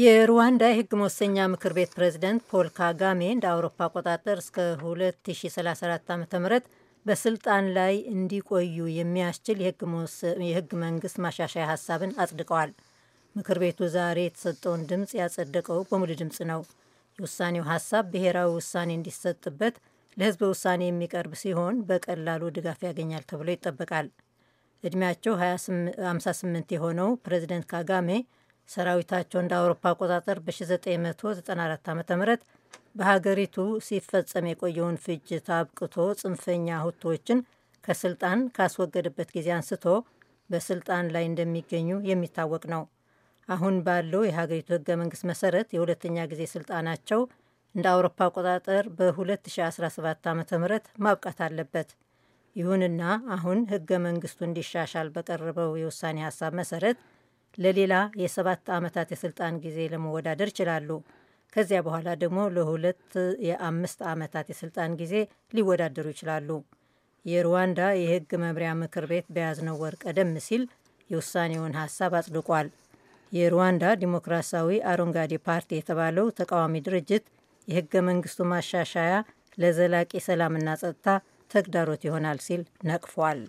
የሩዋንዳ የህግ መወሰኛ ምክር ቤት ፕሬዚደንት ፖል ካጋሜ እንደ አውሮፓ አቆጣጠር እስከ 2034 ዓ ም በስልጣን ላይ እንዲቆዩ የሚያስችል የህግ መንግስት ማሻሻያ ሀሳብን አጽድቀዋል። ምክር ቤቱ ዛሬ የተሰጠውን ድምፅ ያጸደቀው በሙሉ ድምፅ ነው። የውሳኔው ሀሳብ ብሔራዊ ውሳኔ እንዲሰጥበት ለህዝበ ውሳኔ የሚቀርብ ሲሆን በቀላሉ ድጋፍ ያገኛል ተብሎ ይጠበቃል። እድሜያቸው 58 የሆነው ፕሬዚደንት ካጋሜ ሰራዊታቸው እንደ አውሮፓ አቆጣጠር በ1994 ዓ ም በሀገሪቱ ሲፈጸም የቆየውን ፍጅት አብቅቶ ጽንፈኛ ሁቶዎችን ከስልጣን ካስወገደበት ጊዜ አንስቶ በስልጣን ላይ እንደሚገኙ የሚታወቅ ነው። አሁን ባለው የሀገሪቱ ህገ መንግስት መሰረት የሁለተኛ ጊዜ ስልጣናቸው እንደ አውሮፓ አቆጣጠር በ2017 ዓ ም ማብቃት አለበት። ይሁንና አሁን ህገ መንግስቱ እንዲሻሻል በቀረበው የውሳኔ ሀሳብ መሰረት ለሌላ የሰባት ዓመታት የስልጣን ጊዜ ለመወዳደር ይችላሉ። ከዚያ በኋላ ደግሞ ለሁለት የአምስት ዓመታት የስልጣን ጊዜ ሊወዳደሩ ይችላሉ። የሩዋንዳ የህግ መምሪያ ምክር ቤት በያዝነው ወር ቀደም ሲል የውሳኔውን ሀሳብ አጽድቋል። የሩዋንዳ ዲሞክራሲያዊ አረንጓዴ ፓርቲ የተባለው ተቃዋሚ ድርጅት የህገ መንግስቱ ማሻሻያ ለዘላቂ ሰላምና ጸጥታ ተግዳሮት ይሆናል ሲል ነቅፏል።